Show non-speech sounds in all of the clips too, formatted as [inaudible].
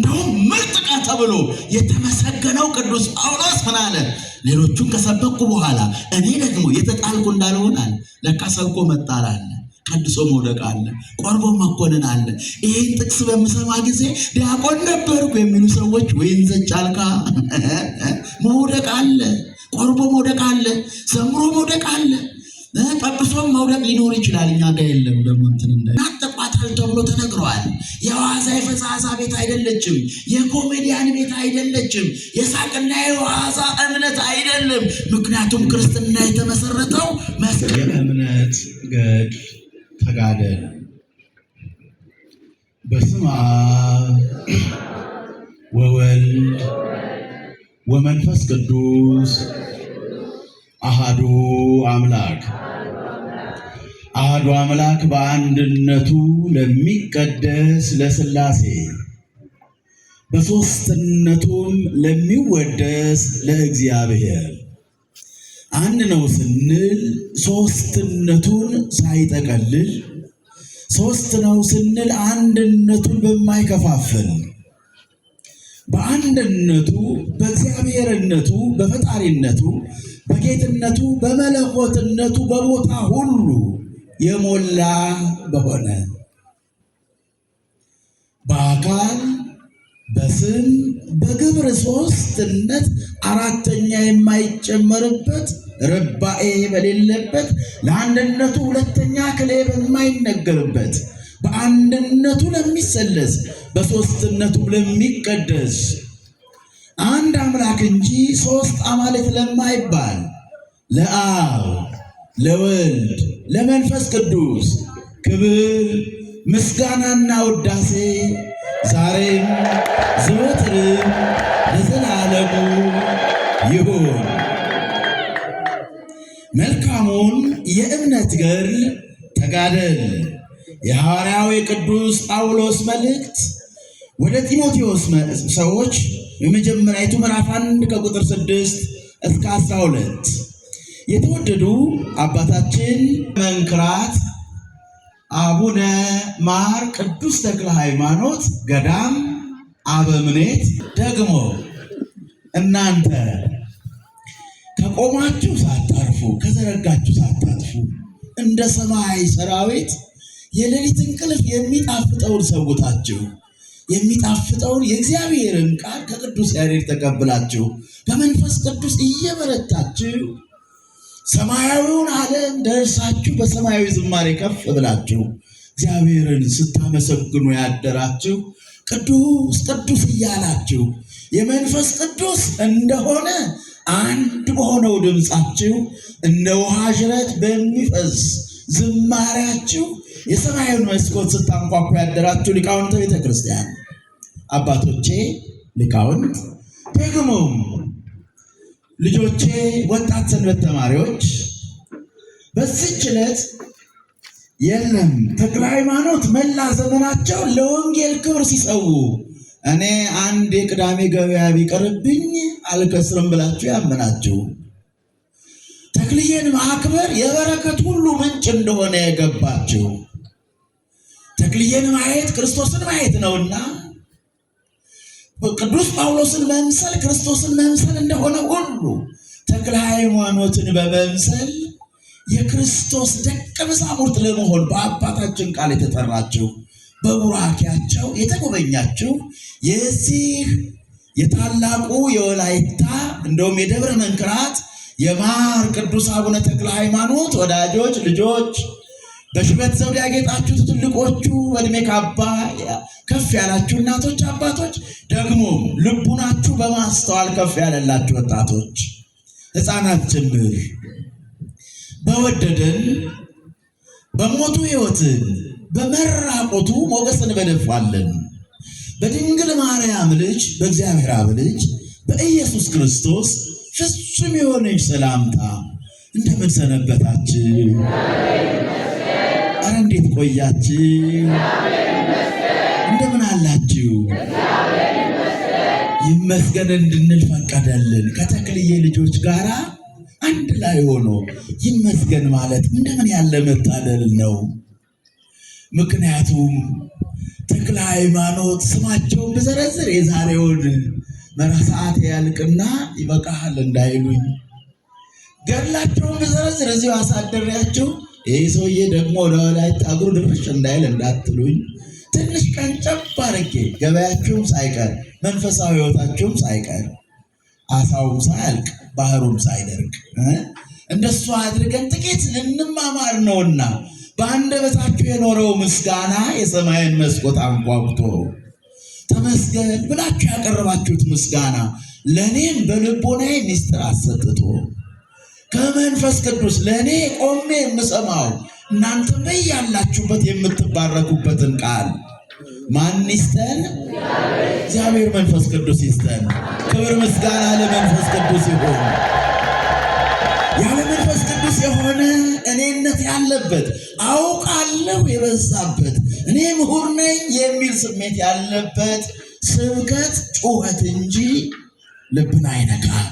እንደውም ምርጥ ዕቃ ተብሎ የተመሰገነው ቅዱስ ጳውሎስ ምን አለ? ሌሎቹን ከሰበኩ በኋላ እኔ ደግሞ የተጣልኩ እንዳልሆን አለ። ለካ ሰብኮ መጣል አለ፣ ቀድሶ መውደቅ አለ፣ ቆርቦ መኮንን አለ። ይህን ጥቅስ በምሰማ ጊዜ ዲያቆን ነበርኩ የሚሉ ሰዎች ወይን ዘጫልካ [laughs] መውደቅ አለ፣ ቆርቦ መውደቅ አለ፣ ዘምሮ መውደቅ አለ፣ ጠብሶም መውደቅ ሊኖር ይችላል። እኛ ጋር የለም ደግሞ እንትን አትክል ተብሎ ተነግረዋል። የዋዛ የፈዛዛ ቤት አይደለችም። የኮሜዲያን ቤት አይደለችም። የሳቅና የዋዛ እምነት አይደለም። ምክንያቱም ክርስትና የተመሰረተው የእምነት ገድ ተጋደል በስመ አብ ወወልድ ወመንፈስ ቅዱስ አሃዱ አምላክ በአሐዱ አምላክ በአንድነቱ ለሚቀደስ ለስላሴ በሦስትነቱም ለሚወደስ ለእግዚአብሔር አንድ ነው ስንል ሦስትነቱን ሳይጠቀልል፣ ሦስት ነው ስንል አንድነቱን በማይከፋፍል በአንድነቱ በእግዚአብሔርነቱ በፈጣሪነቱ በጌትነቱ በመለኮትነቱ በቦታ ሁሉ የሞላ በሆነ በአካል በስም በግብር ሶስትነት አራተኛ የማይጨመርበት ርባኤ በሌለበት ለአንድነቱ ሁለተኛ ክሌ በማይነገርበት በአንድነቱ ለሚሰለስ በሶስትነቱ ለሚቀደስ አንድ አምላክ እንጂ ሶስት አማልክት ለማይባል ለአብ ለወልድ ለመንፈስ ቅዱስ ክብር ምስጋናና ውዳሴ ዛሬም ዘወትርም ለዘላለሙ ይሁን። መልካሙን የእምነት ገር ተጋደል። የሐዋርያው የቅዱስ ጳውሎስ መልእክት ወደ ጢሞቴዎስ ሰዎች የመጀመሪያዊቱ ምዕራፍ 1 ከቁጥር ስድስት እስከ 12 የተወደዱ አባታችን መንክራት አቡነ ማር ቅዱስ ተክለ ሃይማኖት ገዳም አበምኔት ደግሞ እናንተ ከቆማችሁ ሳታርፉ ከዘረጋችሁ ሳታጥፉ እንደ ሰማይ ሰራዊት የሌሊት እንቅልፍ የሚጣፍጠውን ሰውታችሁ የሚጣፍጠውን የእግዚአብሔርን ቃል ከቅዱስ ያሬድ ተቀብላችሁ በመንፈስ ቅዱስ እየበረታችሁ ሰማያዊውን ዓለም ደርሳችሁ በሰማያዊ ዝማሬ ከፍ ብላችሁ እግዚአብሔርን ስታመሰግኑ ያደራችሁ ቅዱስ ቅዱስ እያላችሁ የመንፈስ ቅዱስ እንደሆነ አንድ በሆነው ድምፃችሁ እንደ ውሃ ጅረት በሚፈስ ዝማሬያችሁ የሰማያዊን መስኮት ስታንኳኩ ያደራችሁ ሊቃውንተ ቤተ ክርስቲያን አባቶቼ ሊቃውንት ደግሞም ልጆቼ ወጣት ሰንበት ተማሪዎች በዚች ዕለት የለም ተክለ ሃይማኖት መላ ዘመናቸው ለወንጌል ክብር ሲሰዉ እኔ አንድ የቅዳሜ ገበያ ቢቀርብኝ አልከስርም ብላችሁ ያመናችሁ ተክልዬን ማክበር የበረከት ሁሉ ምንጭ እንደሆነ የገባችሁ ተክልዬን ማየት ክርስቶስን ማየት ነውና ቅዱስ ጳውሎስን መምሰል ክርስቶስን መምሰል እንደሆነ ሁሉ ተክለ ሃይማኖትን በመምሰል የክርስቶስ ደቀ መዛሙርት ለመሆን በአባታችን ቃል የተጠራችሁ በቡራኪያቸው የተጎበኛችሁ የዚህ የታላቁ የወላይታ እንደውም የደብረ መንክራት የማር ቅዱስ አቡነ ተክለ ሃይማኖት ወዳጆች ልጆች በሽበት ዘውድ ያጌጣችሁት ትልቆቹ በዕድሜ ካባ ከፍ ያላችሁ እናቶች፣ አባቶች ደግሞ ልቡናችሁ በማስተዋል ከፍ ያለላችሁ ወጣቶች፣ ህፃናት ጭምር በወደደን በሞቱ ህይወትን በመራቆቱ ሞገስን በደፋለን በድንግል ማርያም ልጅ በእግዚአብሔር አብ ልጅ በኢየሱስ ክርስቶስ ፍጹም የሆነች ሰላምታ እንደምን ጋር እንዴት ቆያችሁ? እንደምን አላችሁ? ይመስገን እንድንል ፈቀደልን። ከተክልዬ ልጆች ጋር አንድ ላይ ሆኖ ይመስገን ማለት እንደምን ያለ መታደል ነው። ምክንያቱም ተክለ ሃይማኖት ስማቸውን ብዘረዝር የዛሬውን መራ ሰዓት ያልቅና ይበቃሃል እንዳይሉኝ ገድላቸውን ብዘረዝር እዚሁ አሳደሪያቸው ይህ ሰውዬ ደግሞ ለላይ ጠጉሩ ድርሽ እንዳይል እንዳትሉኝ ትንሽ ቀን ጨብ አድርጌ ገበያችሁም ሳይቀር መንፈሳዊ ህይወታችሁም ሳይቀር አሳውም ሳያልቅ ባህሩም ሳይደርቅ እንደሱ አድርገን ጥቂት ልንማማር ነውና በአንደበታችሁ የኖረው ምስጋና የሰማይን መስኮት አንኳኩቶ ተመስገን ብላችሁ ያቀረባችሁት ምስጋና ለእኔም በልቦናዬ ሚስጥር አሰጥቶ ከመንፈስ ቅዱስ ለእኔ ቆሜ የምሰማው እናንተ በያላችሁበት የምትባረኩበትን ቃል ማን ይስጠን? እግዚአብሔር መንፈስ ቅዱስ ይስጠን። ክብር ምስጋና ለመንፈስ ቅዱስ ይሁን። ያለ መንፈስ ቅዱስ የሆነ እኔነት ያለበት አውቃለሁ የበዛበት እኔ ምሁር ነኝ የሚል ስሜት ያለበት ስብከት ጩኸት እንጂ ልብን አይነካም።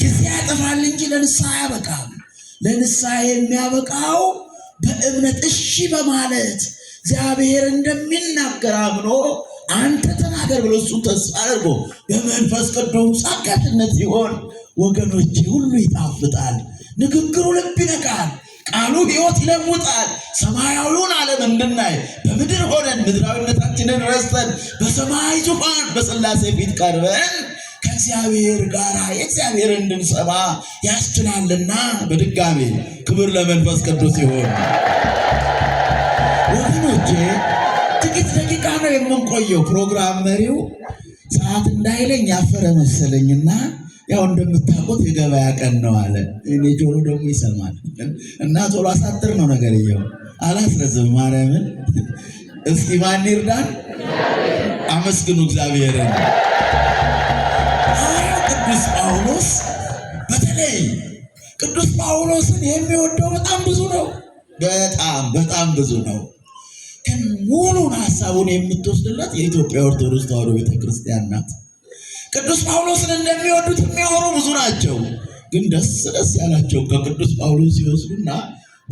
ጊዜ ያጠፋል እንጂ ለንስሐ አያበቃም። ለንስሐ የሚያበቃው በእምነት እሺ በማለት እግዚአብሔር እንደሚናገር አምኖ አንተ ተናገር ብሎ እሱ ተስፋ አድርጎ በመንፈስ ቅዱስ አጋትነት ሲሆን ወገኖቼ ሁሉ ይጣፍጣል። ንግግሩ ልብ ይነካል። ቃሉ ሕይወት ይለውጣል። ሰማያዊውን ዓለም እንድናይ በምድር ሆነን ምድራዊነታችንን ረስተን በሰማይ ዙፋን በሥላሴ ፊት ቀርበን ከእግዚአብሔር ጋር የእግዚአብሔርን እንድንሰማ ያስችላልና። በድጋሜ ክብር ለመንፈስ ቅዱስ ይሆን። ወገኖቼ ጥቂት ደቂቃ ነው የምንቆየው። ፕሮግራም መሪው ሰዓት እንዳይለኝ ያፈረ መሰለኝና ያው እንደምታውቁት የገበያ ቀን ነው አለ። እኔ ጆሮ ደግሞ ይሰማል እና ቶሎ አሳጥር ነው ነገር እየው አላስረዝም። ማርያምን እስኪ ማን ይርዳን? አመስግኑ እግዚአብሔርን። ቅዱስ ጳውሎስ በተለይ ቅዱስ ጳውሎስን የሚወደው በጣም ብዙ ነው። በጣም በጣም ብዙ ነው። ግን ሙሉን ሀሳቡን የምትወስድለት የኢትዮጵያ ኦርቶዶክስ ተዋሕዶ ቤተክርስቲያን ናት። ቅዱስ ጳውሎስን እንደሚወዱት የሚያወሩ ብዙ ናቸው። ግን ደስ ደስ ያላቸው ከቅዱስ ጳውሎስ ይወስዱና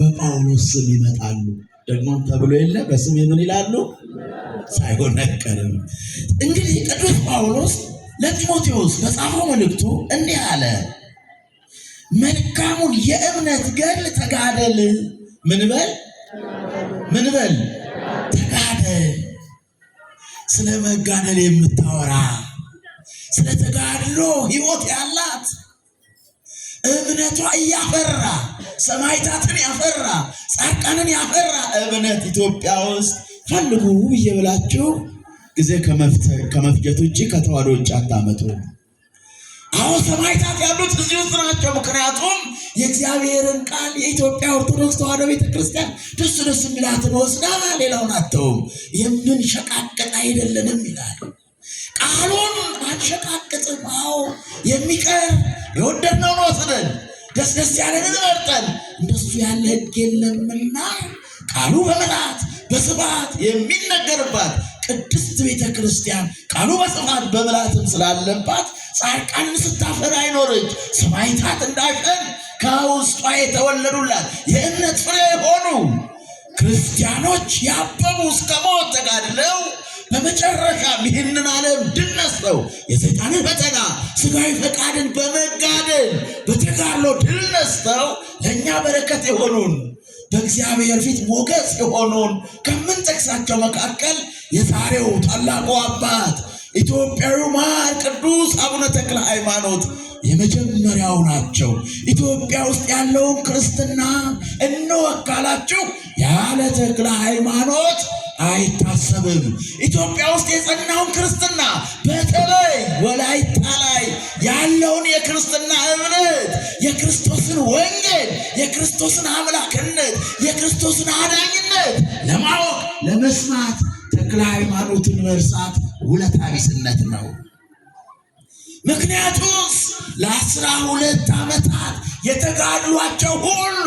በጳውሎስ ስም ይመጣሉ። ደግሞም ተብሎ የለ በስም የምን ይላሉ ሳይሆን አይቀርም። እንግዲህ ቅዱስ ጳውሎስ ለጢሞቴዎስ በጻፈው መልእክቱ እንዲህ አለ፣ መልካሙን የእምነት ገድል ተጋደል። ምን በል ምን በል ተጋደል። ስለ መጋደል የምታወራ ስለ ተጋድሎ ህይወት ያላት እምነቷ እያፈራ ሰማይታትን ያፈራ ጻድቃንን ያፈራ እምነት ኢትዮጵያ ውስጥ ፈልጉ ብዬ ብላችሁ ጊዜ ከመፍጀት ውጭ ከተዋህዶ ውጭ አታመጡ። አሁን ሰማዕታት ያሉት እዚህ ውስጥ ናቸው። ምክንያቱም የእግዚአብሔርን ቃል የኢትዮጵያ ኦርቶዶክስ ተዋህዶ ቤተክርስቲያን ደስ ደስ የሚላትን ወስዳ ሌላውን አተውም። የምንሸቃቅጥ አይደለንም ይላል ቃሉን አንሸቃቅጥም። አዎ የሚቀር የወደድነውን ወስደን ደስ ደስ ያለን መርጠን እንደሱ ያለ ህግ የለምና ቃሉ በመላት በስብሐት የሚነገርባት ቅድስት ቤተ ክርስቲያን ቃሉ በስፋት በምላትም ስላለባት ጻድቃንን ስታፈራ አይኖረች ሰማይታት እንዳሸን ከውስጧ የተወለዱላት የእምነት ፍሬ የሆኑ ክርስቲያኖች ያበቡ እስከ ሞት ተጋድለው በመጨረሻም ይህንን ዓለም ድል ነስተው የሰይጣንን ፈተና ስጋዊ ፈቃድን በመጋደል በተጋድሎ ድል ነስተው ለእኛ በረከት የሆኑን በእግዚአብሔር ፊት ሞገስ የሆኑን ከምንጠቅሳቸው መካከል የዛሬው ታላቁ አባት ኢትዮጵያዊ ማር ቅዱስ አቡነ ተክለ ሃይማኖት የመጀመሪያው ናቸው። ኢትዮጵያ ውስጥ ያለውን ክርስትና እንወካላችሁ። ያለ ተክለ ሃይማኖት አይታሰብም። ኢትዮጵያ ውስጥ የጸናውን ክርስትና በተለይ ወላይታ ላይ ያለውን የክርስትና እምነት የክርስቶስን ወንጌል፣ የክርስቶስን አምላክነት፣ የክርስቶስን አዳኝነት ለማወቅ ለመስማት ተክለ ሃይማኖትን መርሳት ውለታ ቢስነት ነው። ምክንያቱስ ለአስራ ሁለት ዓመታት የተጋድሏቸው ሁሉ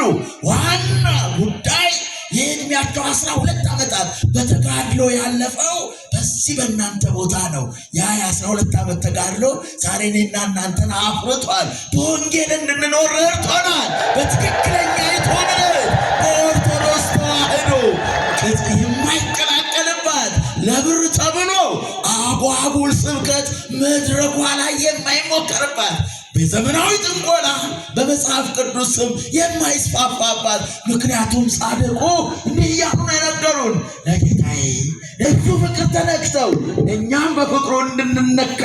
ዋና ጉዳይ የዕድሜያቸው አስራ ሁለት ዓመታት በተጋድሎ ያለፈው በዚህ በእናንተ ቦታ ነው። ያ የአስራ ሁለት ዓመት ተጋድሎ ዛሬ እኔና እናንተን አፍርቷል። በወንጌል እንድንኖር እርቶናል። በትክክለኛ የትሆነ የአቡል ስብከት መድረኳ ላይ የማይሞከርባት በዘመናዊ ጥንቆላ በመጽሐፍ ቅዱስ ስም የማይስፋፋባት ምክንያቱም ጻድቁ እንዲህ እያሉ ነው የነገሩን ለጌታዬ እሱ ፍቅር ተነክተው እኛም በፍቅሩ እንድንነካ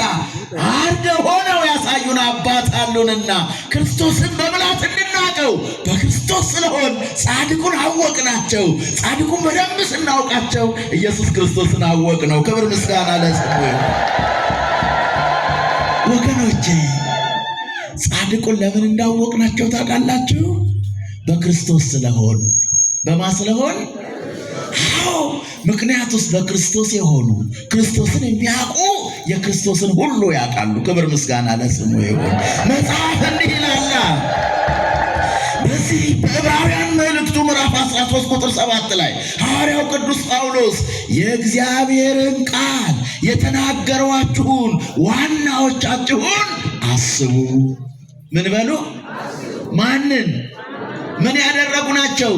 አርደ ሆነው ያሳዩን አባት አሉንና ክርስቶስን በምላት እንድን የምናውቀው በክርስቶስ ስለሆን ጻድቁን አወቅናቸው። ጻድቁን በደንብ ስናውቃቸው ኢየሱስ ክርስቶስን አወቅ ነው። ክብር ምስጋና ለስሙ። ወገኖቼ ጻድቁን ለምን እንዳወቅናቸው ታውቃላችሁ? በክርስቶስ ስለሆን በማ ስለሆን አዎ ምክንያቱስ በክርስቶስ የሆኑ ክርስቶስን የሚያውቁ የክርስቶስን ሁሉ ያውቃሉ። ክብር ምስጋና ለስሙ ይሁን። መጽሐፍ እንዲህ ይላል በዚህ በዕብራውያን መልእክቱ ምዕራፍ 13 ቁጥር 7 ላይ ሐዋርያው ቅዱስ ጳውሎስ የእግዚአብሔርን ቃል የተናገሯችሁን ዋናዎቻችሁን አስቡ። ምን በሉ? ማንን? ምን ያደረጉ ናቸው?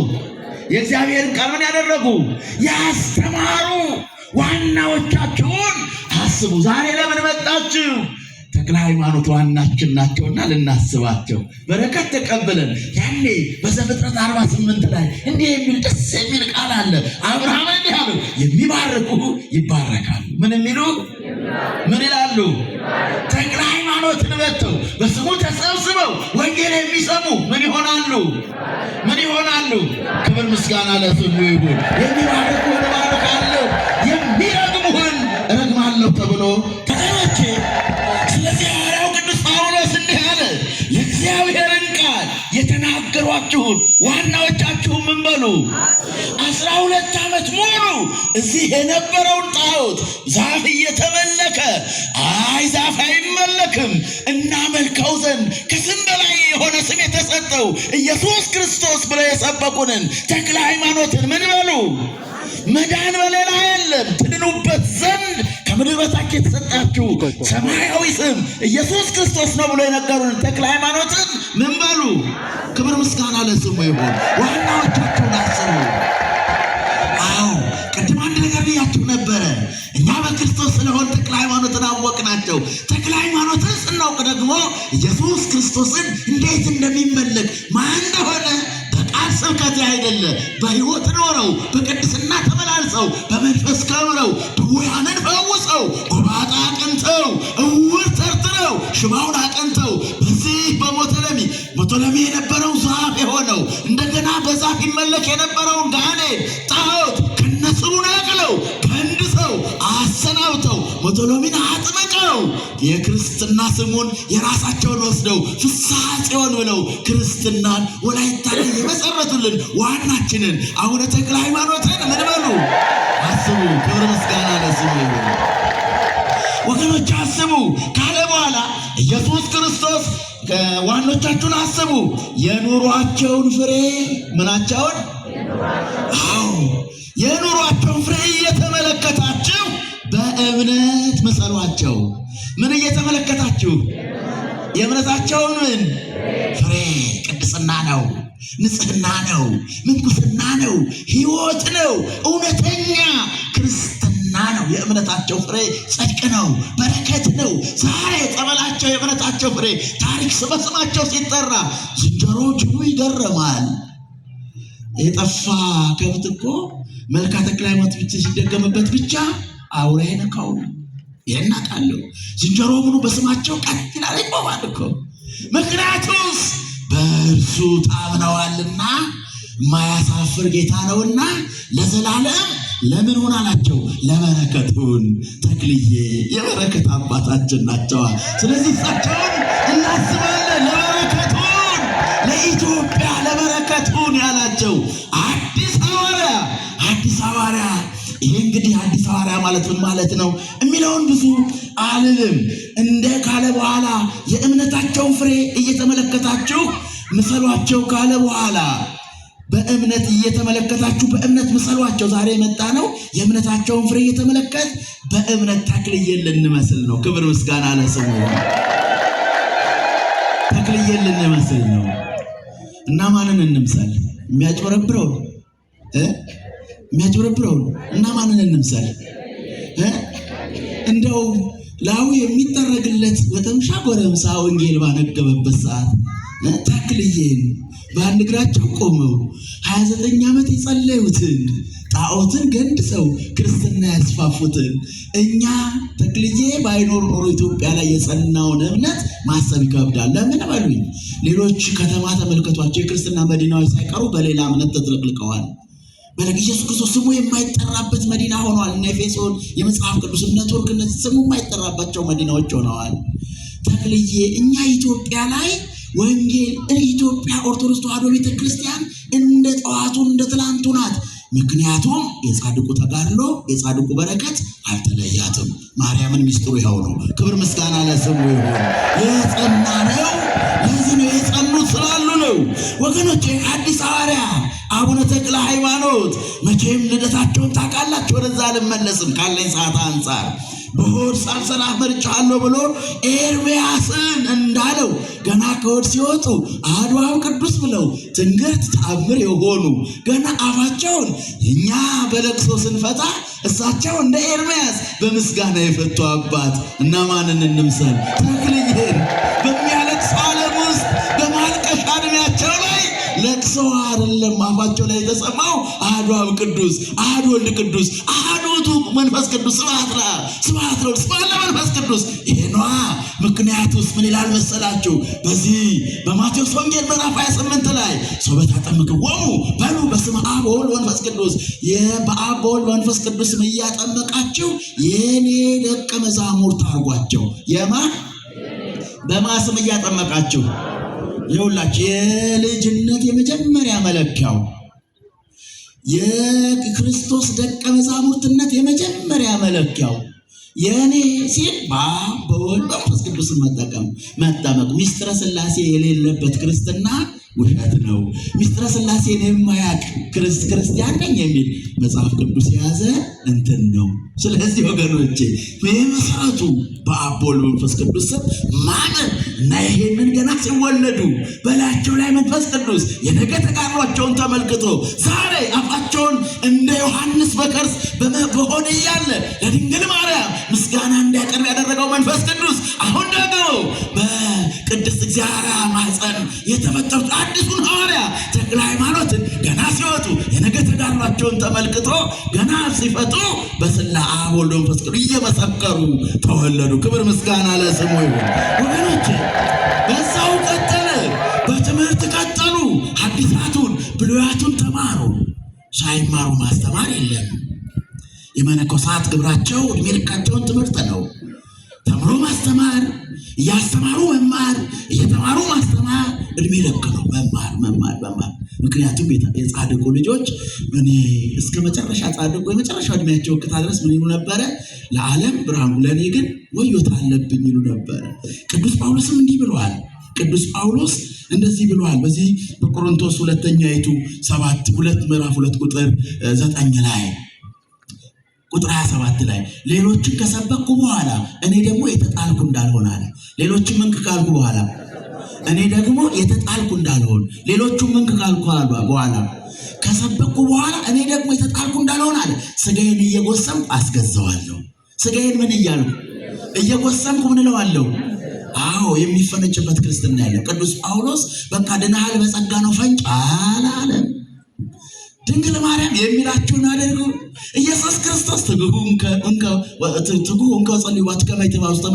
የእግዚአብሔርን ቃል ምን ያደረጉ ያስተማሩ ዋናዎቻችሁን አስቡ። ዛሬ ለምን መጣችሁ? ተክለ ሃይማኖት ዋናችን ናቸውና ልናስባቸው በረከት ተቀብለን ያኔ በዘፍጥረት አርባ ስምንት ላይ እንዲህ የሚል ደስ የሚል ቃል አለ። አብርሃም እንዲህ አሉ የሚባርኩ ይባረካሉ። ምን የሚሉ ምን ይላሉ? ተክለ ሃይማኖትን በተው በስሙ ተሰብስበው ወንጌል የሚሰሙ ምን ይሆናሉ? ምን ይሆናሉ? ክብር ምስጋና ለስሙ ይሁን። የሚባርኩ እባርካለሁ፣ የሚረግሙህን እረግማለሁ ተብሎ ተጠናቼ ስለዚህ ሐዋርያው ቅዱስ ጳውሎስ እንዲህ አለ፣ የእግዚአብሔርን ቃል የተናገሯችሁን ዋናዎቻችሁን ምን በሉ አስራ ሁለት ዓመት ሙሉ እዚህ የነበረውን ጣዖት ዛፍ እየተመለከ አይ ዛፍ አይመለክም እናመልከው ዘንድ ከስም በላይ የሆነ ስም የተሰጠው ኢየሱስ ክርስቶስ ብለው የሰበኩንን ተክለ ሃይማኖትን ምን በሉ መዳን በሌላ የለም ትድኑበት ዘንድ ከምድር በታች የተሰጣችሁ ሰማያዊ ስም ኢየሱስ ክርስቶስ ነው ብሎ የነገሩን ተክለ ሃይማኖትን ምን በሉ? ክብር ምስጋና ለስሙ ይሁን። ዋናዎቻችሁን አስቡ። አዎ ቅድም አንድ ነገር ብያችሁ ነበረ። እኛ በክርስቶስ ስለሆን ተክለ ሃይማኖትን አወቅናቸው። ተክለ ሃይማኖትን ስናውቅ ደግሞ ኢየሱስ ክርስቶስን እንዴት እንደሚመለክ ማን እንደሆነ ስብከት አይደለ። በህይወት ኖረው በቅድስና ተመላልሰው በመንፈስ ከምረው ድውያንን ፈውሰው ጉባጣ አቅንተው እውር ተርትረው ሽባውን አቅንተው በዚህ በሞተለሚ ሞተለሚ የነበረው ዛፍ የሆነው እንደገና በዛፍ ይመለክ የነበረውን ጋኔን ጣዖት ነው የክርስትና ስሙን የራሳቸውን ወስደው ፍስሐ ጽዮን ብለው ክርስትናን ወላይታ የመሰረቱልን ዋናችንን አቡነ ተክለ ሃይማኖትን ምን በሉ አስቡ። ክብር ምስጋና ለስሙ ወገኖች፣ አስቡ ካለ በኋላ ኢየሱስ ክርስቶስ ዋኖቻችሁን አስቡ፣ የኑሯቸውን ፍሬ ምናቸውን? አዎ የኑሯቸውን ፍሬ እየተመለከ በእምነት ምሰሏቸው። ምን እየተመለከታችሁ የእምነታቸውን ምን ፍሬ ቅድስና ነው፣ ንጽህና ነው፣ ምንኩስና ነው፣ ህይወት ነው፣ እውነተኛ ክርስትና ነው። የእምነታቸው ፍሬ ጽድቅ ነው፣ በረከት ነው። ዛሬ ጸበላቸው የእምነታቸው ፍሬ ታሪክ ስመስማቸው ሲጠራ ዝንጀሮ ጅቡ ይገረማል። የጠፋ ከብት እኮ መልካ ተክለ ሃይማኖት ብቻ ሲደገምበት ብቻ አውሬ ነቀው ይህን አውቃለሁ። ዝንጀሮ ሆኖ በስማቸው ቀጥ ይላል ይቆማል እኮ ምክንያቱስ በእርሱ ታምነዋልና ማያሳፍር ጌታ ነውና ለዘላለም ለምን ሆን አላቸው ለበረከቱን ተክልዬ የበረከት አባታችን ናቸዋ። ስለዚህ እሳቸውን እናስባለን። ለበረከቱን ለኢትዮጵያ ለበረከቱን ያላቸው አዲስ ሐዋርያ አዲስ ሐዋርያ ይህ እንግዲህ አዲስ ሐዋርያ ማለት ምን ማለት ነው የሚለውን ብዙ አልልም። እንደ ካለ በኋላ የእምነታቸውን ፍሬ እየተመለከታችሁ ምሰሏቸው ካለ በኋላ በእምነት እየተመለከታችሁ በእምነት ምሰሏቸው። ዛሬ የመጣ ነው የእምነታቸውን ፍሬ እየተመለከት በእምነት ተክልዬ ልንመስል ነው። ክብር ምስጋና ለስሙ። ተክልዬ ልንመስል ነው እና ማንን እንምሰል? የሚያጭበረብረው የሚያጭበረብረውን እና ማንን እንምሰል? እንደው ላው የሚጠረግለት ወተምሻ ጎረምሳ ወንጌል ባነገበበት ሰዓት ታክልዬን በአንድ እግራቸው ቆመው ሀያ ዘጠኝ ዓመት የጸለዩትን ጣዖትን ገንድሰው ክርስትና ያስፋፉትን እኛ ተክልዬ ባይኖር ኖሮ ኢትዮጵያ ላይ የጸናውን እምነት ማሰብ ይከብዳል። ለምን በሉኝ፣ ሌሎች ከተማ ተመልከቷቸው፣ የክርስትና መዲናዎች ሳይቀሩ በሌላ እምነት ተጥለቅልቀዋል። ኢየሱስ ክርስቶስ ስሙ የማይጠራበት መዲና ሆኗል። እነ ኤፌሶን፣ የመጽሐፍ ቅዱስ፣ እነ እነዚህ ስሙ የማይጠራባቸው መዲናዎች ሆነዋል። ተክልዬ እኛ ኢትዮጵያ ላይ ወንጌል ኢትዮጵያ ኦርቶዶክስ ተዋህዶ ቤተክርስቲያን እንደ ጠዋቱ እንደ ትላንቱ ናት። ምክንያቱም የጻድቁ ተጋድሎ የጻድቁ በረከት አልተለያትም። ማርያምን ሚስጥሩ ይኸው ነው። ክብር ምስጋና ለስሙ ይሁን። የጸና ነው። ለዚህ ነው የጸኑት ስላ ነው። ወገኖቼ አዲስ ሐዋርያ አቡነ ተክለ ሃይማኖት መቼም ልደታቸውን ታውቃላችሁ። ወደዛ አልመለስም ካለኝ ሰዓት አንጻር በሆድ ሳልሰራ መርጫለሁ ብሎ ኤርምያስን እንዳለው ገና ከሆድ ሲወጡ አድዋው ቅዱስ ብለው ትንግርት ተአምር የሆኑ ገና አፋቸውን እኛ በለቅሶ ስንፈታ እሳቸው እንደ ኤርምያስ በምስጋና የፈቱ አባት እና ማንን እንምሰል ትክክልይህን በሚያ ሰው አይደለም። አፋቸው ላይ የተሰማው አሐዱ አብ ቅዱስ፣ አሐዱ ወልድ ቅዱስ፣ አሐዱ ውእቱ መንፈስ ቅዱስ ስብሐት ስብሐት ነው ስብሐት ለመንፈስ ቅዱስ። ይሄ ነዋ ምክንያት ውስጥ ምን ይላል መሰላችሁ? በዚህ በማቴዎስ ወንጌል ምዕራፍ 28 ላይ ሰው በታጠምቅ ወሙ በሉ በስመ አብ ወወልድ መንፈስ ቅዱስ በአብ በወልድ መንፈስ ቅዱስ እያጠመቃችሁ የኔ ደቀ መዛሙርት አርጓቸው የማ በማስም እያጠመቃችሁ ይኸውላችሁ የልጅነት የመጀመሪያ መለኪያው የክርስቶስ ደቀ መዛሙርትነት የመጀመሪያ መለኪያው የእኔ ሲል በአብ በወልድ በመንፈስ ቅዱስ መጠቀም መጠመቅ ሚስጥረ ስላሴ የሌለበት ክርስትና ውሸት ነው። ሚስጥረ ስላሴን የማያቅ ክርስቲያን ነኝ የሚል መጽሐፍ ቅዱስ የያዘ እንትን ነው። ስለዚህ ወገኖቼ በመሰረቱ በአቦል መንፈስ ቅዱስ ስም ማመን እና ይሄንን ገና ሲወለዱ በላያቸው ላይ መንፈስ ቅዱስ የነገ ተቃሯቸውን ተመልክቶ ዛሬ አፋቸውን እንደ ዮሐንስ በከርስ በሆነ እያለ ለድንግል ማርያም ምስጋና እንዲያቀርብ ያደረገው መንፈስ ቅዱስ አሁን ደግሞ በቅድስት እግዚአብሔር ማኅፀን የተፈጠሩት አዲሱን ሐዋርያ ተክለ ሃይማኖትን ገና ሲወጡ የነገ ተጋድሏቸውን ተመልክቶ ገና ሲፈጡ በስላ አብ ወልድ ወመንፈስ ቅዱስ እየመሰከሩ ተወለዱ። ክብር ምስጋና ለስሙ ይሁን። ወገኖች በዛው ቀጠለ። በትምህርት ቀጠሉ። አዲሳቱን ብሉያቱን ተማሩ። ሳይማሩ ማስተማር የለም። የመነኮሳት ግብራቸው እድሜ ልካቸውን ትምህርት ነው። ተምሮ ማስተማር፣ እያስተማሩ መማር፣ እየተማሩ ማ እድሜ ልክ ነው መማር መማር መማር። ምክንያቱም የጻድቁ ልጆች እኔ እስከ መጨረሻ ጻድቁ የመጨረሻ እድሜያቸው እክታ ድረስ ምን ይሉ ነበረ? ለዓለም ብርሃኑ ለእኔ ግን ወዮት አለብኝ ይሉ ነበረ። ቅዱስ ጳውሎስም እንዲህ ብለዋል። ቅዱስ ጳውሎስ እንደዚህ ብለዋል። በዚህ በቆሮንቶስ ሁለተኛ ይቱ ሰባት ሁለት ምዕራፍ ሁለት ቁጥር ዘጠኝ ላይ ቁጥር 27 ላይ ሌሎችን ከሰበኩ በኋላ እኔ ደግሞ የተጣልኩ እንዳልሆን አለ። ሌሎችን መንክ ካልኩ በኋላ እኔ ደግሞ የተጣልኩ እንዳልሆን ሌሎቹም ምን ካልኩ በኋላ ከሰበኩ በኋላ እኔ ደግሞ የተጣልኩ እንዳልሆን አለ ስጋዬን እየጎሰምኩ አስገዛዋለሁ። ስጋዬን ምን እያልኩ እየጎሰምኩ ምን እለዋለሁ? አዎ የሚፈነጭበት ክርስትና ያለው ቅዱስ ጳውሎስ በቃ ድናሃል በጸጋ ነው ፈንጭ አላለም። ድንግል ማርያም የሚላችሁን አድርጉ። ኢየሱስ ክርስቶስ ትጉ እንከ ጸልዩ ባትከመ ኢትባኡ ውስተ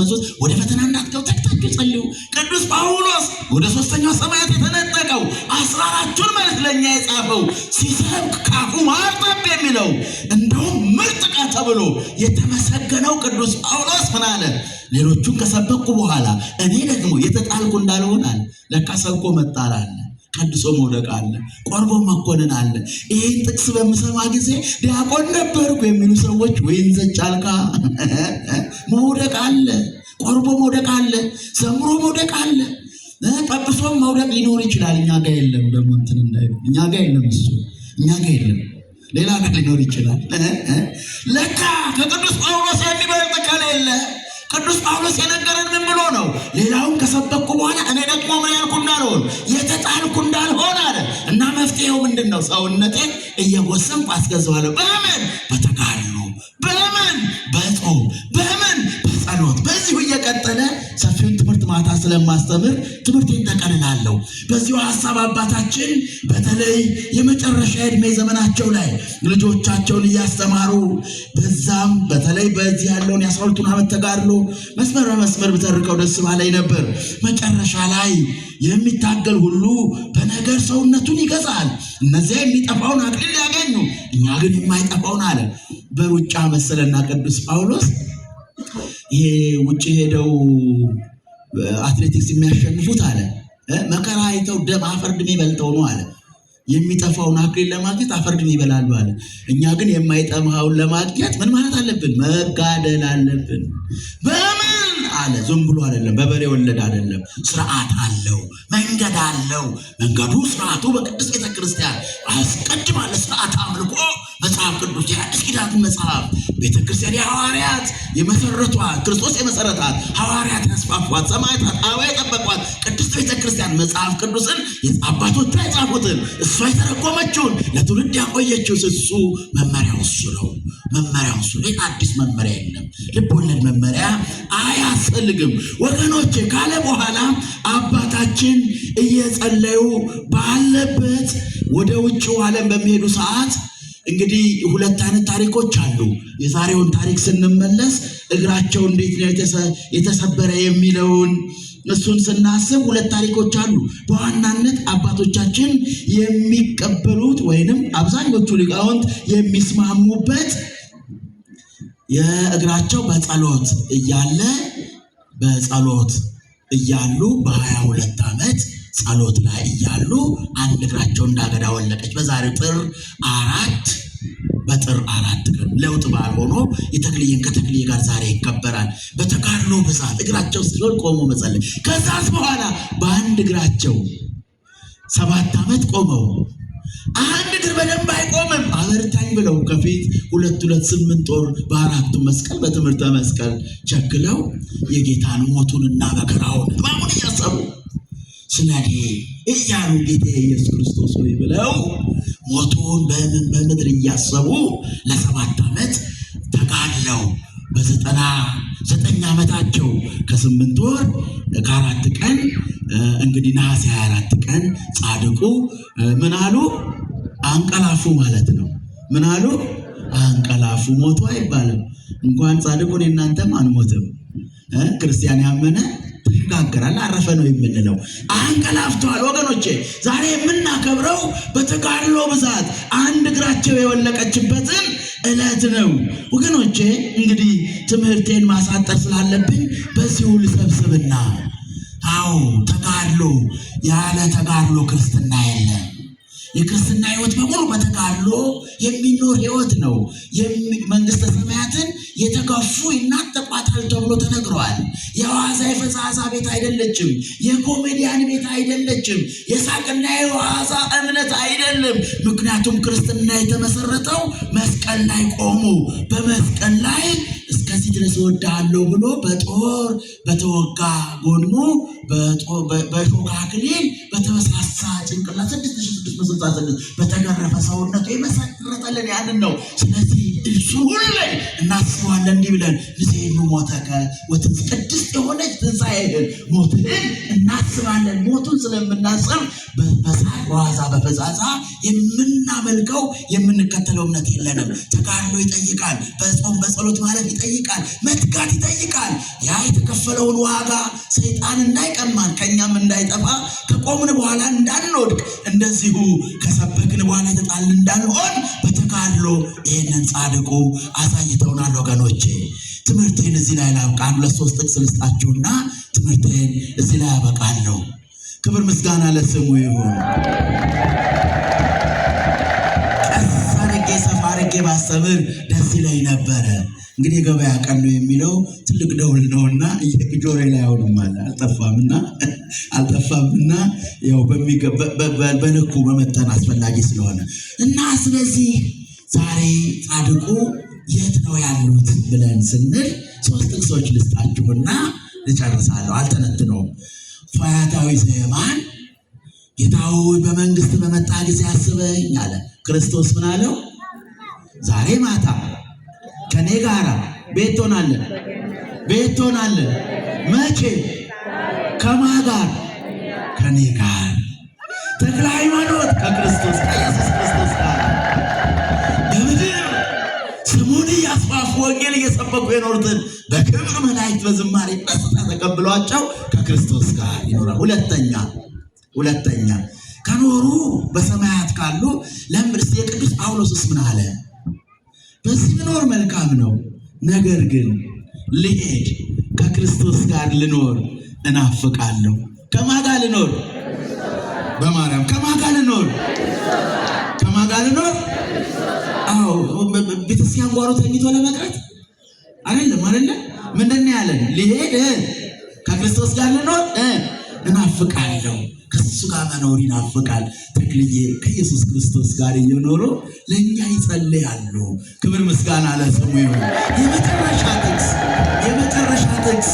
ወደ ፈተና እንዳትገቡ ተግታችሁ ጸልዩ። ቅዱስ ጳውሎስ ወደ ሶስተኛው ሰማያት የተነጠቀው አስራ አራቱን መልእክት ለእኛ የጻፈው ሲሰብክ ካፉ ማርጠብ የሚለው እንደውም ምርጥ ቃል ተብሎ የተመሰገነው ቅዱስ ጳውሎስ ምን አለ? ሌሎቹን ከሰበኩ በኋላ እኔ ደግሞ የተጣልኩ እንዳልሆናል አለ። ለካ ሰብኮ መጣል ቀንሶ መውደቅ አለ፣ ቆርቦ መኮንን አለ። ይህን ጥቅስ በምሰማ ጊዜ ዲያቆን ነበርኩ የሚሉ ሰዎች ወይን ዘጫልካ [laughs] መውደቅ አለ፣ ቆርቦ መውደቅ አለ፣ ዘምሮ መውደቅ አለ፣ ጠብሶም መውደቅ ሊኖር ይችላል። እኛ ጋ የለም ደግሞ እንትን እኛ ጋ የለም እሱ እኛ ጋ የለም ሌላ ጋ ሊኖር ይችላል። [laughs] ለካ ከቅዱስ ጳውሎስ የሚበልጥ ቃል የለ ቅዱስ ጳውሎስ የነገረን ምን ብሎ ነው? ሌላውን ከሰበኩ በኋላ እኔ ደግሞ ምን ያልኩ እንዳልሆን የተጣልኩ እንዳልሆን አለ እና መፍትሄው ምንድን ነው? ሰውነቴን እየጎሰምኩ አስገዛዋለሁ። በምን በተጋር ስለማስተምር ትምህርት ተቀንናለሁ። በዚሁ ሀሳብ አባታችን በተለይ የመጨረሻ እድሜ ዘመናቸው ላይ ልጆቻቸውን እያስተማሩ በዛም በተለይ በዚህ ያለውን የአስራ ሁለቱን ዓመት ተጋድሎ መስመር በመስመር ብተርከው ደስ ባላይ ነበር። መጨረሻ ላይ የሚታገል ሁሉ በነገር ሰውነቱን ይገዛል። እነዚያ የሚጠፋውን አክሊል ያገኙ፣ እኛ ግን የማይጠፋውን አለ። በሩጫ መሰለና ቅዱስ ጳውሎስ ይሄ ውጭ ሄደው አትሌቲክስ የሚያሸንፉት አለ መከራ አይተው ደም አፈርድ ድሜ ነው አለ። የሚጠፋውን አክሊል ለማግኘት አፈር ይበላሉ አለ። እኛ ግን የማይጠምሃውን ለማግኘት ምን ማለት አለብን? መጋደል አለብን። በምን አለ? ዝም ብሎ አይደለም፣ በበሬ ወለድ አይደለም። ስርዓት አለው፣ መንገድ አለው። መንገዱ ስርዓቱ በቅድስት ቤተክርስቲያን አስቀድማለ ስርዓት አምልኮ መጽሐፍ ቅዱስ የአዲስ ኪዳን መጽሐፍ ቤተክርስቲያን የሐዋርያት የመሰረቷት ክርስቶስ የመሰረታት ሐዋርያት ያስፋፏት ሰማዕታት አባ የጠበቋት ቅድስት ቤተክርስቲያን መጽሐፍ ቅዱስን አባቶቿ የጻፉትን እሷ የተረጎመችውን ለትውልድ ያቆየችው እሱ መመሪያው እሱ ነው። መመሪያው እሱ ነው። አዲስ መመሪያ የለም። ልብ ወለድ መመሪያ አያስፈልግም ወገኖች ካለ በኋላ አባታችን እየጸለዩ ባለበት ወደ ውጭው ዓለም በሚሄዱ ሰዓት እንግዲህ ሁለት አይነት ታሪኮች አሉ። የዛሬውን ታሪክ ስንመለስ እግራቸው እንዴት ነው የተሰበረ የሚለውን እሱን ስናስብ ሁለት ታሪኮች አሉ። በዋናነት አባቶቻችን የሚቀበሉት ወይንም አብዛኞቹ ሊቃውንት የሚስማሙበት የእግራቸው በጸሎት እያለ በጸሎት እያሉ በሀያ ሁለት ዓመት ጸሎት ላይ እያሉ አንድ እግራቸው እንዳገዳ ወለቀች። በዛሬ ጥር አራት በጥር አራት ቀን ለውጥ በዓል ሆኖ የተክልዬን ከተክልዬ ጋር ዛሬ ይከበራል። በተጋድሎ ብዛት እግራቸው ስለሆን ቆሞ መጸለይ ከዛት በኋላ በአንድ እግራቸው ሰባት ዓመት ቆመው አንድ እግር በደንብ አይቆምም። አበርታኝ ብለው ከፊት ሁለት ሁለት ስምንት ጦር በአራቱ መስቀል በትምህርተ መስቀል ቸክለው የጌታን ሞቱንና መከራውን ሕማሙን እያሰቡ ስነዴ እያሉ ጌታ ኢየሱስ ክርስቶስ ወይ ብለው ሞቱን በምን በምድር እያሰቡ ለሰባት ዓመት ተጋድለው በዘጠና ዘጠኝ ዓመታቸው ከስምንት ወር ከአራት ቀን እንግዲህ ነሐሴ 24 ቀን ጻድቁ ምን አሉ? አንቀላፉ ማለት ነው። ምን አሉ? አንቀላፉ። ሞቱ አይባልም። እንኳን ጻድቁን እናንተም አንሞትም። ክርስቲያን ያመነ ይናገራል። አረፈ ነው የምንለው። አንቀላፍተዋል ወገኖቼ። ዛሬ የምናከብረው በተጋድሎ ብዛት አንድ እግራቸው የወለቀችበትን እለት ነው ወገኖቼ። እንግዲህ ትምህርቴን ማሳጠር ስላለብኝ በዚሁ ልሰብስብና፣ አዎ ተጋድሎ፣ ያለ ተጋድሎ ክርስትና የለም። የክርስትና ህይወት በሙሉ በተጋድሎ የሚኖር ህይወት ነው። መንግስተ ሰማያት የተገፉ ይናጠቋታል ተብሎ ተነግረዋል። የዋዛ የፈዛዛ ቤት አይደለችም። የኮሜዲያን ቤት አይደለችም። የሳቅና የዋዛ እምነት አይደለም። ምክንያቱም ክርስትና የተመሰረተው መስቀል ላይ ቆሙ። በመስቀል ላይ እስከዚህ ድረስ እወድሃለሁ ብሎ በጦር በተወጋ ጎኑ በሾካ አክሊል በተመሳሳ ጭንቅላት ስድስት ሺህ ስድስት መቶ ስልሳ ስድስት በተገረፈ ሰውነቱ ይመሰክረታለን። ያንን ነው ስለዚህ ድምፁ ሁሉ ላይ እናስባለን። እንዲህ ብለን ንሴኑ ሞተከ ወትንቅድስት የሆነች ትንሣኤህን ሞትህን እናስባለን። ሞቱን ስለምናስብ በሳቅ በዋዛ በፈዛዛ የምናመልከው የምንከተለው እምነት የለንም። ተጋድሎ ይጠይቃል። በጾም በጸሎት ማለት ይጠይቃል። መትጋት ይጠይቃል። ያ የተከፈለውን ዋጋ ሰይጣን እንዳይቀማን ከእኛም እንዳይጠፋ ከቆምን በኋላ እንዳንወድቅ እንደዚሁ ከሰበክን በኋላ የተጣልን እንዳንሆን አሉ። ይህንን ጻድቁ አሳይተውናል። ወገኖቼ ትምህርቴን እዚህ ላይ ላብቃል። ለሶስት ጥቅስ ልስጣችሁና ትምህርቴን እዚህ ላይ ያበቃለሁ። ክብር ምስጋና ለስሙ ይሁን። ቀስ ሰፋርጌ ሰፋ ደስ ይለኝ ነበረ። እንግዲህ የገበያ ቀን ነው የሚለው ትልቅ ደውል ነውና ጆሬ ላይ አሁንም አለ አልጠፋምና አልጠፋምና ያው በሚገ በልኩ መመጠን አስፈላጊ ስለሆነ እና ስለዚህ ዛሬ ጻድቁ የት ነው ያሉት ብለን ስንል ሶስት ጥቅሶች ልስጣችሁና ልጨርሳለሁ። አልተነትነውም። ፈያታዊ ዘየማን ጌታው በመንግስት በመጣ ጊዜ አስበኝ አለ። ክርስቶስ ምን አለው? ዛሬ ማታ ከኔ ጋራ ቤት ትሆናለን፣ ቤት ትሆናለን። መቼ? ከማ ጋር? ከኔ ጋር። ተክለ ሃይማኖት ከክርስቶስ ጋር ሲጠበቁ የኖሩትን በክብር መላእክት በዝማሬ ደስታ ተቀብሏቸው ከክርስቶስ ጋር ይኖራል። ሁለተኛ ሁለተኛ ከኖሩ በሰማያት ካሉ ለምርስ የቅዱስ ጳውሎስስ ምን አለ? በዚህ ብኖር መልካም ነው፣ ነገር ግን ልሄድ ከክርስቶስ ጋር ልኖር እናፍቃለሁ። ከማጋ ልኖር በማርያም ከማጋ ልኖር ከማጋ ልኖር አዎ ቤተክርስቲያን ጓሮ ተኝቶ ለመቅረት አይደለም አይደለ? ምንድን ያለን ሊሄድ ከክርስቶስ ጋር ልኖር እናፍቃለሁ። ከሱ ጋር መኖር ይናፍቃል። ተክልዬ ከኢየሱስ ክርስቶስ ጋር እየኖሩ ለእኛ ይጸልያሉ። ክብር ምስጋና ለስሙ ይሁን። የመጨረሻ ጥቅስ የመጨረሻ ጥቅስ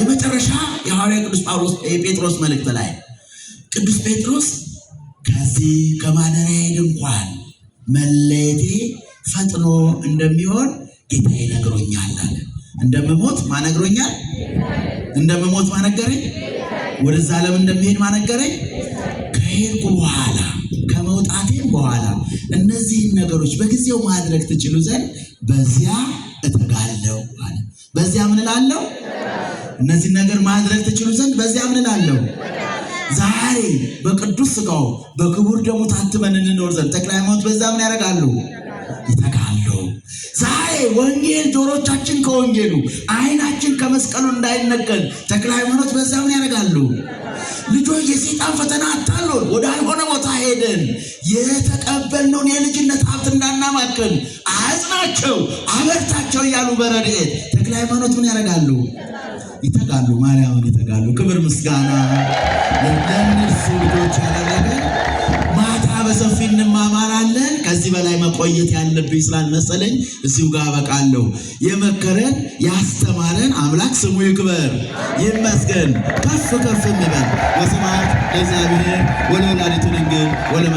የመጨረሻ የሐዋርያ ቅዱስ ጳውሎስ የጴጥሮስ መልእክት ላይ ቅዱስ ጴጥሮስ ከዚህ ከማደሪያዬ ድንኳን መለየቴ ፈጥኖ እንደሚሆን ጌታ ይነግሮኛል አለ። እንደምሞት ማነግሮኛል፣ እንደምሞት ማነገረኝ፣ ወደዛ ዓለም እንደሚሄድ ማነገረኝ። ከሄድኩ በኋላ ከመውጣቴም በኋላ እነዚህን ነገሮች በጊዜው ማድረግ ትችሉ ዘንድ በዚያ እተጋለው አለ። በዚያ ምን እላለሁ? እነዚህን ነገር ማድረግ ትችሉ ዘንድ በዚያ ምን እላለሁ? ዛሬ በቅዱስ ስጋው በክቡር ደሙ ታትመን እንኖር ዘንድ ጠቅላይ ሞት በዛ ምን ያደርጋሉ? ወንጌል ጆሮቻችን ከወንጌሉ አይናችን ከመስቀሉ እንዳይነቀል ተክለ ሃይማኖት በዛ ምን ያደርጋሉ ልጆች? የሴጣን ፈተና ወደ ወዳልሆነ ቦታ ሄደን የተቀበልነውን የልጅነት ሀብት እንዳናማክን አዝናቸው አበርታቸው እያሉ በረድኤት ተክለ ሃይማኖት ምን ያደርጋሉ? ይተጋሉ፣ ማርያምን ይተጋሉ። ክብር ምስጋና ለእነሱ ልጆች ያደረገ በሰፊ እንማማራለን። ከዚህ በላይ መቆየት ያለብኝ ስላልመሰለኝ እዚሁ ጋር አበቃለሁ። የመከረን ያስተማረን አምላክ ስሙ ይክበር ይመስገን፣ ከፍ ከፍ እንበል። ወስብሐት ለእግዚአብሔር ወለወላዲቱ ድንግል ወለ